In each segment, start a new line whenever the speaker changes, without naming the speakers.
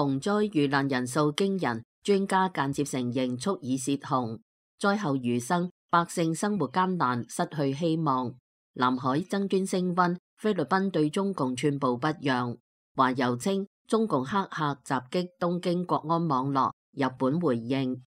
洪災遇難人數驚人，專家間接承認蓄意洩洪。災後餘生，百姓生活艱難，失去希望。南海爭端升溫，菲律賓對中共寸步不讓。華郵稱中共黑客襲擊東京國安網絡，日本回應。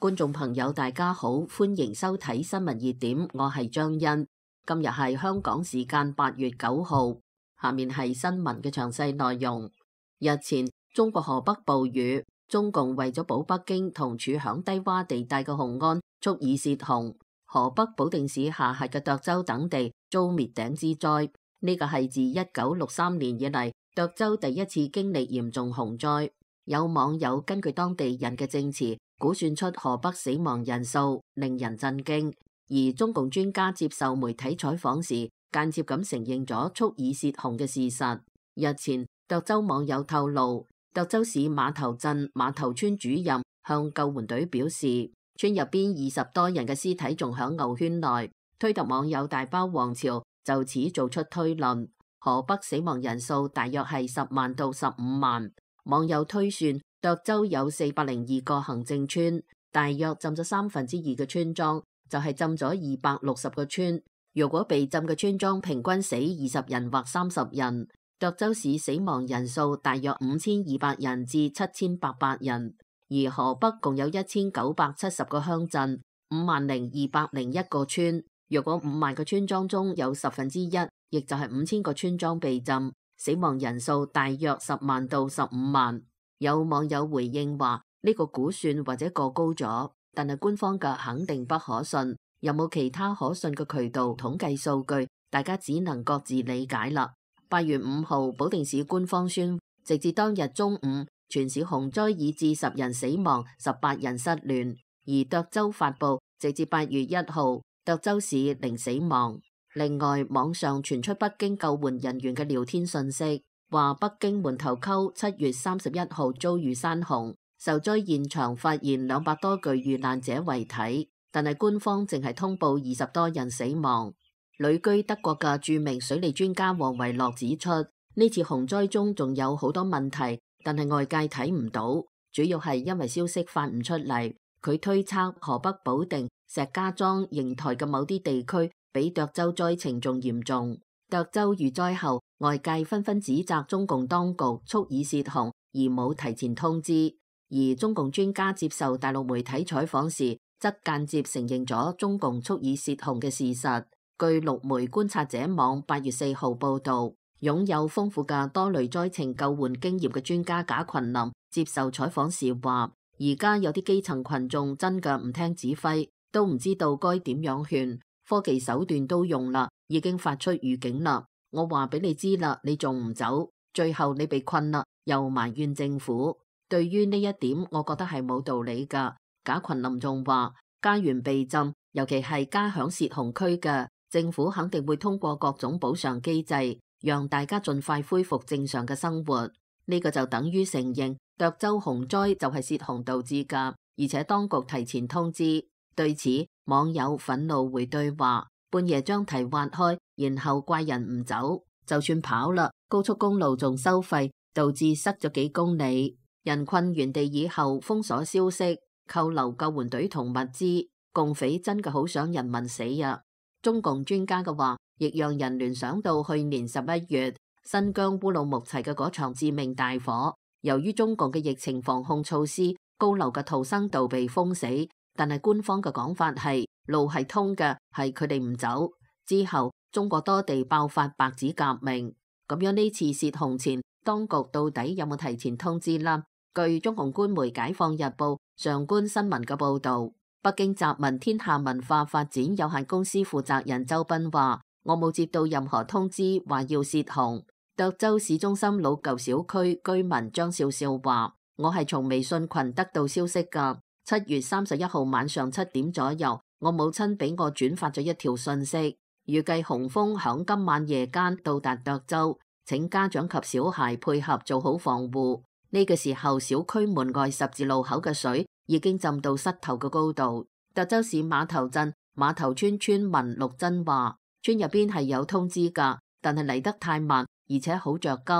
觀眾朋友，大家好，歡迎收睇新聞熱點，我係張恩。今日係香港時間八月九號，下面係新聞嘅詳細內容。日前，中國河北暴雨，中共為咗保北京同處響低洼地帶嘅雄安，蓄意洩洪，河北保定市下轄嘅涿州等地遭滅頂之災。呢個係自一九六三年以嚟，涿州第一次經歷嚴重洪災。有網友根據當地人嘅證詞，估算出河北死亡人數，令人震驚。而中共專家接受媒體採訪時，間接咁承認咗蓄意泄洪嘅事實。日前涿州網友透露，涿州市碼頭鎮碼頭村主任向救援隊表示，村入邊二十多人嘅屍體仲響牛圈內。推特網友大包王朝就此做出推論，河北死亡人數大約係十萬到十五萬。網友推算，涿州有四百零二個行政村，大約浸咗三分之二嘅村莊，就係、是、浸咗二百六十個村。如果被浸嘅村莊平均死二十人或三十人，涿州市死亡人數大約五千二百人至七千八百人。而河北共有一千九百七十個鄉鎮，五萬零二百零一個村。如果五萬個村莊中有十分之一，亦就係五千個村莊被浸。死亡人數大約十萬到十五萬，有網友回應話呢個估算或者過高咗，但係官方嘅肯定不可信，有冇其他可信嘅渠道統計數據？大家只能各自理解啦。八月五號，保定市官方宣，直至當日中午，全市洪災已致十人死亡，十八人失聯；而涿州發布，直至八月一號，涿州市零死亡。另外，網上傳出北京救援人員嘅聊天信息，話北京門頭溝七月三十一號遭遇山洪，受災現場發現兩百多具遇難者遺體，但係官方淨係通報二十多人死亡。旅居德國嘅著名水利專家王維洛指出，呢次洪災中仲有好多問題，但係外界睇唔到，主要係因為消息發唔出嚟。佢推測河北保定、石家莊、邢臺嘅某啲地區，比涿州災情仲嚴重。涿州遇災後，外界紛紛指責中共當局蓄意洩洪而冇提前通知，而中共專家接受大陸媒體採訪時，則間接承認咗中共蓄意洩洪嘅事實。據陸媒觀察者網八月四號報道，擁有豐富嘅多類災情救援經驗嘅專家賈群林接受採訪時話，而家有啲基層群眾真嘅唔聽指揮，都唔知道該點樣勸。科技手段都用啦，已經發出預警啦。我話俾你知啦，你仲唔走？最後你被困啦，又埋怨政府。對於呢一點，我覺得係冇道理噶。賈群林仲話：家園被浸，尤其係家響泄洪區嘅政府肯定會通過各種補償機制，讓大家盡快恢復正常嘅生活。呢、這個就等於承認涿州洪災就係泄洪導致噶，而且當局提前通知。對此。網友憤怒回對話：半夜將堤挖開，然後怪人唔走，就算跑啦。高速公路仲收費，導致塞咗幾公里。人困原地以後，封鎖消息，扣留救援隊同物資。共匪真嘅好想人民死呀、啊！中共專家嘅話，亦讓人聯想到去年十一月新疆烏魯木齊嘅嗰場致命大火。由於中共嘅疫情防控措施，高樓嘅逃生道被封死。但係官方嘅講法係路係通嘅，係佢哋唔走之後，中國多地爆發白紙革命。咁樣呢次洩洪前，當局到底有冇提前通知啦？據中共官媒《解放日報》、《上觀新聞》嘅報道，北京集文天下文化發展有限公司負責人周斌話：我冇接到任何通知話要洩洪。涿州市中心老舊小區居民張笑笑話：我係從微信群得到消息噶。七月三十一號晚上七點左右，我母親俾我轉發咗一條信息，預計洪峰響今晚夜間到達德州，請家長及小孩配合做好防護。呢、這個時候，小區門外十字路口嘅水已經浸到膝頭嘅高度。德州市碼頭鎮碼頭村村民陸真話，村入邊係有通知噶，但係嚟得太慢，而且好着急。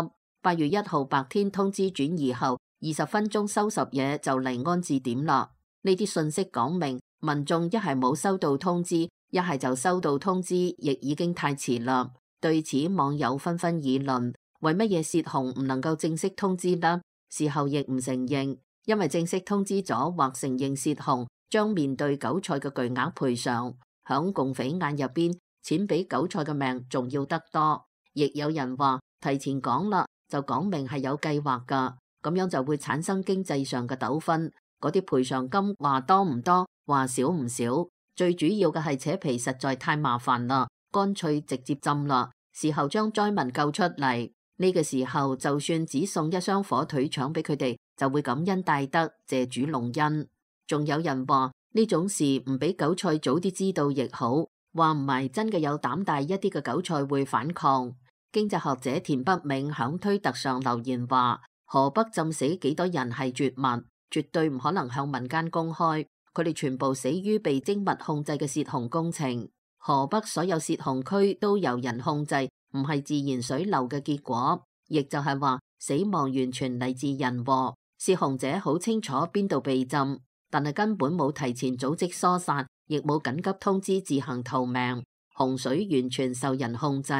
八月一號白天通知轉移後，二十分鐘收拾嘢就嚟安置點啦。呢啲信息講明，民眾一係冇收到通知，一係就收到通知，亦已經太遲啦。對此，網友紛紛議論：為乜嘢洩洪唔能夠正式通知呢？事後亦唔承認，因為正式通知咗或承認洩洪，將面對韭菜嘅巨額賠償。響共匪眼入邊，錢比韭菜嘅命重要得多。亦有人話：提前講啦，就講明係有計劃噶，咁樣就會產生經濟上嘅糾紛。嗰啲賠償金話多唔多，話少唔少。最主要嘅係扯皮實在太麻煩啦，乾脆直接浸啦。事後將災民救出嚟呢個時候，就算只送一箱火腿腸俾佢哋，就會感恩戴德謝主隆恩。仲有人話呢種事唔俾韭菜早啲知道亦好，話唔係真嘅有膽大一啲嘅韭菜會反抗。經濟學者田北明響推特上留言話：河北浸死幾多人係絕密。絕對唔可能向民間公開，佢哋全部死於被精密控制嘅泄洪工程。河北所有泄洪區都由人控制，唔係自然水流嘅結果，亦就係話死亡完全嚟自人禍。泄洪者好清楚邊度被浸，但係根本冇提前組織疏散，亦冇緊急通知自行逃命。洪水完全受人控制。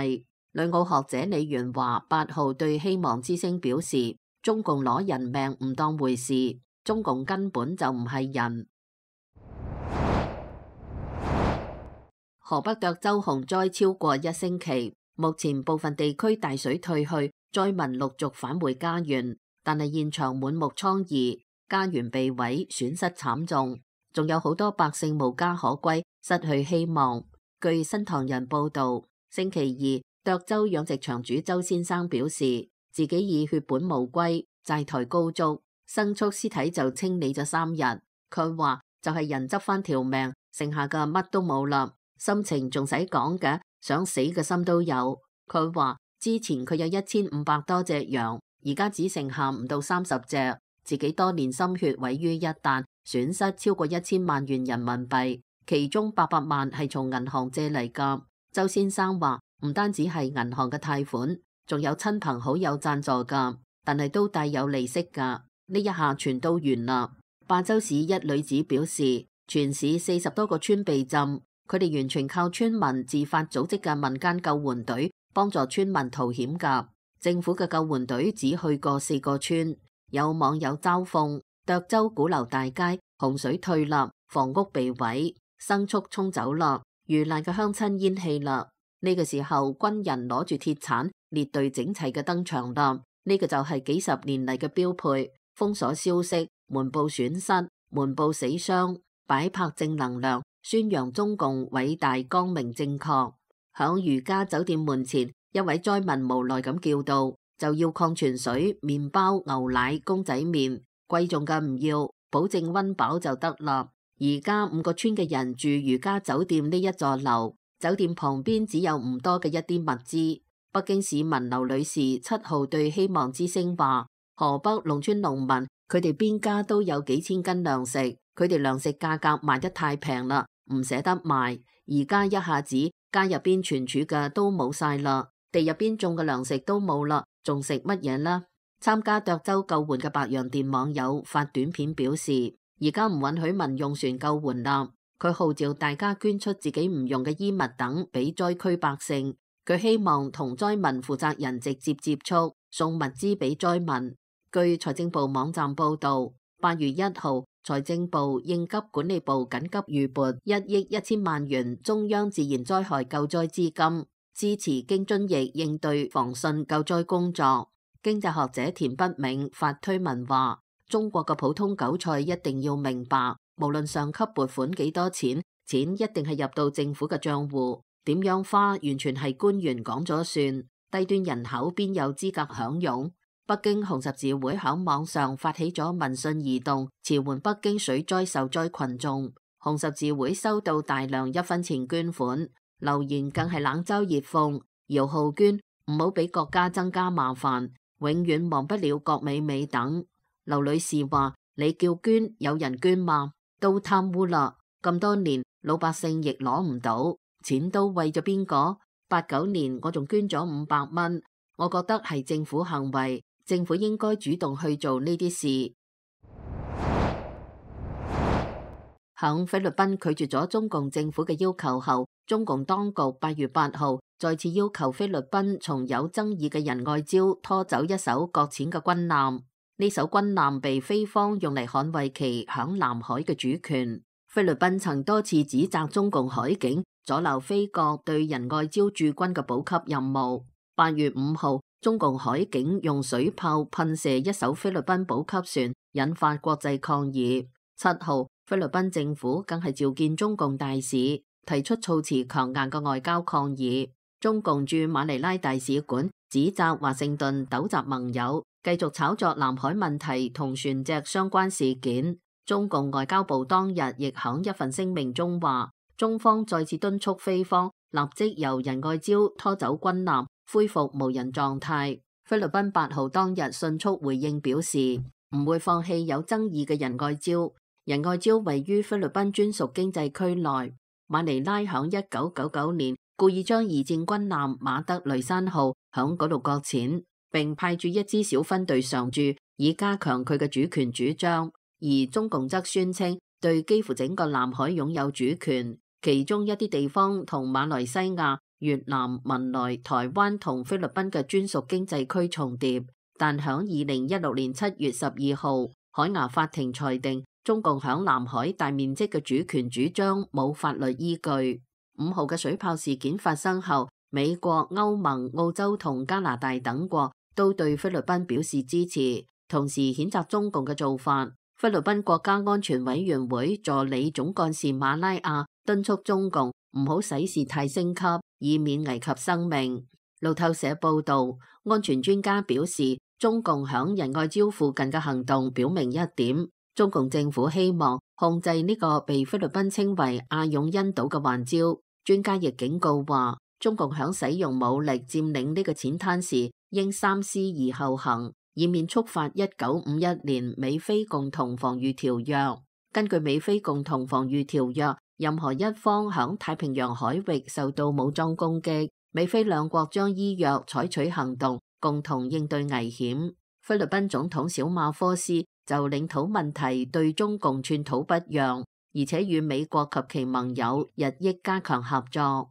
旅澳學者李元華八號對《希望之聲》表示：中共攞人命唔當回事。中共根本就唔係人。河北涿州洪災超過一星期，目前部分地區大水退去，災民陸續返回家園，但係現場滿目瘡痍，家園被毀，損失慘重，仲有好多百姓無家可歸，失去希望。據新唐人報道，星期二，涿州養殖場主周先生表示，自己已血本無歸，債台高築。牲畜屍體就清理咗三日，佢話就係人執翻條命，剩下嘅乜都冇啦，心情仲使講嘅，想死嘅心都有。佢話之前佢有一千五百多隻羊，而家只剩下唔到三十隻，自己多年心血毀於一旦，損失超過一千萬元人民幣，其中八百萬係從銀行借嚟噶。周先生話唔單止係銀行嘅貸款，仲有親朋好友贊助噶，但係都帶有利息噶。呢一下全都完啦！霸州市一女子表示，全市四十多個村被浸，佢哋完全靠村民自發組織嘅民間救援隊幫助村民脫險噶。政府嘅救援隊只去過四個村。有網友嘲諷：涿州鼓樓大街洪水退咗，房屋被毀，牲畜沖走啦，遇難嘅鄉親咽氣啦。呢、這個時候，軍人攞住鐵鏟，列隊整齊嘅登場啦。呢、這個就係幾十年嚟嘅標配。封鎖消息，瞞報損失，瞞報死傷，擺拍正能量，宣揚中共偉大、光明、正確。響如家酒店門前，一位災民無奈咁叫道：就要礦泉水、麵包、牛奶、公仔麵，貴重嘅唔要，保證溫飽就得啦。而家五個村嘅人住如家酒店呢一座樓，酒店旁邊只有唔多嘅一啲物資。北京市民劉女士七號對希望之聲話。河北農村農民佢哋邊家都有幾千斤糧食，佢哋糧食價格賣得太平啦，唔捨得賣。而家一下子家入邊存儲嘅都冇晒啦，地入邊種嘅糧食都冇啦，仲食乜嘢呢？參加涿州救援嘅白洋淀網友發短片表示：而家唔允許民用船救援啦，佢號召大家捐出自己唔用嘅衣物等俾災區百姓。佢希望同災民負責人直接接觸，送物資俾災民。據財政部網站報道，八月一號，財政部應急管理部緊急預撥一億一千萬元，元中央自然災害救災資金，支持京津冀應對防汛救災工作。經濟學者田北銘發推文話：中國嘅普通韭菜一定要明白，無論上級撥款幾多錢，錢一定係入到政府嘅賬戶，點樣花完全係官員講咗算，低端人口邊有資格享用。北京紅十字會喺網上發起咗民信移動，籌援北京水災受災群眾。紅十字會收到大量一分錢捐款，留言更係冷嘲熱諷。姚浩娟，唔好俾國家增加麻煩，永遠忘不了郭美美等。劉女士話：你叫捐，有人捐嗎？都貪污啦！咁多年，老百姓亦攞唔到，錢都為咗邊個？八九年我仲捐咗五百蚊，我覺得係政府行為。政府應該主動去做呢啲事。響菲律賓拒絕咗中共政府嘅要求後，中共當局八月八號再次要求菲律賓從有爭議嘅仁愛礁拖走一艘擱淺嘅軍艦。呢艘軍艦被菲方用嚟捍衞其響南海嘅主權。菲律賓曾多次指責中共海警阻撓菲國對仁愛礁駐軍嘅補給任務。八月五號，中共海警用水炮噴射一艘菲律賓補給船，引發國際抗議。七號，菲律賓政府更係召見中共大使，提出措辭強硬嘅外交抗議。中共駐馬尼拉大使館指責華盛頓糾集盟友，繼續炒作南海問題同船隻相關事件。中共外交部當日亦響一份聲明中話，中方再次敦促菲方立即由仁愛礁拖走軍艦。恢復無人狀態。菲律賓八號當日迅速回應表示，唔會放棄有爭議嘅仁愛礁。仁愛礁位於菲律賓專屬經濟區內。馬尼拉響一九九九年故意將二戰軍艦馬德雷山號響嗰度擱淺，並派駐一支小分隊上駐，以加強佢嘅主權主張。而中共則宣稱對幾乎整個南海擁有主權，其中一啲地方同馬來西亞。越南、文萊、台灣同菲律賓嘅專屬經濟區重疊，但響二零一六年七月十二號海牙法庭裁定中共響南海大面積嘅主權主張冇法律依據，五號嘅水炮事件發生後，美國、歐盟、澳洲同加拿大等國都對菲律賓表示支持，同時譴責中共嘅做法。菲律賓國家安全委員會助理總幹事馬拉亞敦促中共唔好使事態升級。以免危及生命。路透社報道，安全專家表示，中共響仁愛礁附近嘅行動表明一點，中共政府希望控制呢個被菲律賓稱為阿勇恩島嘅環礁。專家亦警告話，中共響使用武力佔領呢個淺灘時，應三思而後行，以免觸發一九五一年美菲共同防禦條約。根據美菲共同防禦條約，任何一方響太平洋海域受到武裝攻擊，美菲兩國將依約採取行動，共同應對危險。菲律賓總統小馬科斯就領土問題對中共寸土不讓，而且與美國及其盟友日益加強合作。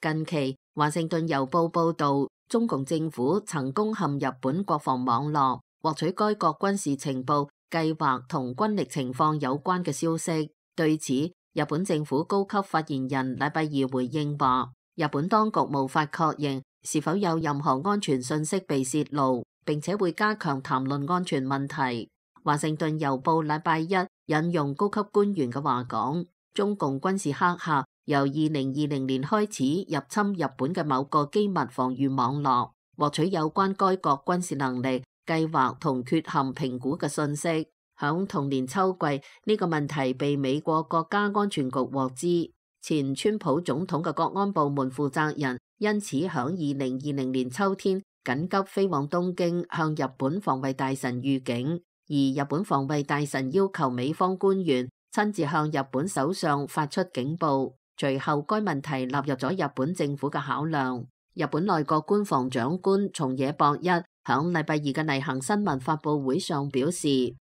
近期《華盛頓郵報》報道，中共政府曾攻陷日本國防網絡，獲取該國軍事情報計劃同軍力情況有關嘅消息，對此日本政府高級發言人禮拜二回應話：日本當局無法確認是否有任何安全信息被泄露，並且會加強談論安全問題。華盛頓郵報禮拜一引用高級官員嘅話講：中共軍事黑客客由二零二零年開始入侵日本嘅某個機密防禦網絡，獲取有關該國軍事能力計劃同缺陷評估嘅信息，響同年秋季呢個問題被美國國家安全局獲知。前川普總統嘅國安部門負責人因此響二零二零年秋天緊急飛往東京，向日本防衛大臣預警。而日本防衛大臣要求美方官員親自向日本首相發出警報。隨後，該問題納入咗日本政府嘅考量。日本內閣官房長官松野博一。響禮拜二嘅例行新聞發布會上表示，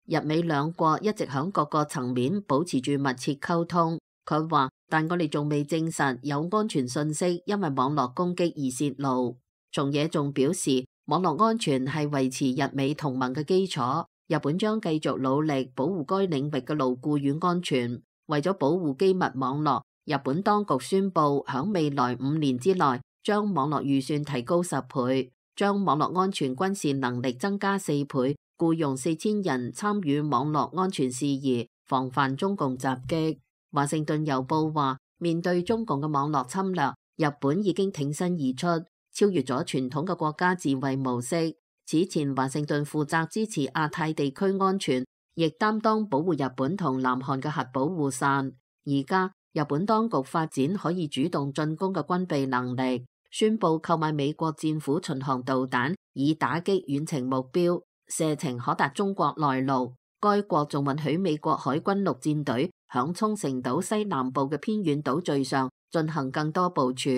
日美兩國一直喺各個層面保持住密切溝通。佢話，但我哋仲未證實有安全信息因為網絡攻擊而泄露。松野仲表示，網絡安全係維持日美同盟嘅基礎。日本將繼續努力保護該領域嘅牢固與安全。為咗保護機密網絡，日本當局宣布喺未來五年之內將網絡預算提高十倍。將網絡安全軍事能力增加四倍，僱傭四千人參與網絡安全事宜，防範中共襲擊。華盛頓郵報話：面對中共嘅網絡侵略，日本已經挺身而出，超越咗傳統嘅國家自衛模式。此前，華盛頓負責支持亞太地區安全，亦擔當保護日本同南韓嘅核保護傘。而家，日本當局發展可以主動進攻嘅軍備能力。宣布購買美國戰斧巡航導彈，以打擊遠程目標，射程可達中國內陸。該國仲允許美國海軍陸戰隊響沖繩島西南部嘅偏遠島嶼上進行更多部署。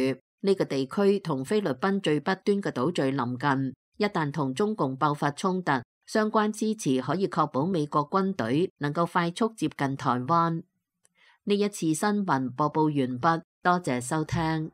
呢個地區同菲律賓最北端嘅島嶼臨近，一旦同中共爆發衝突，相關支持可以確保美國軍隊能夠快速接近台灣。呢一次新聞播報完畢，多謝收聽。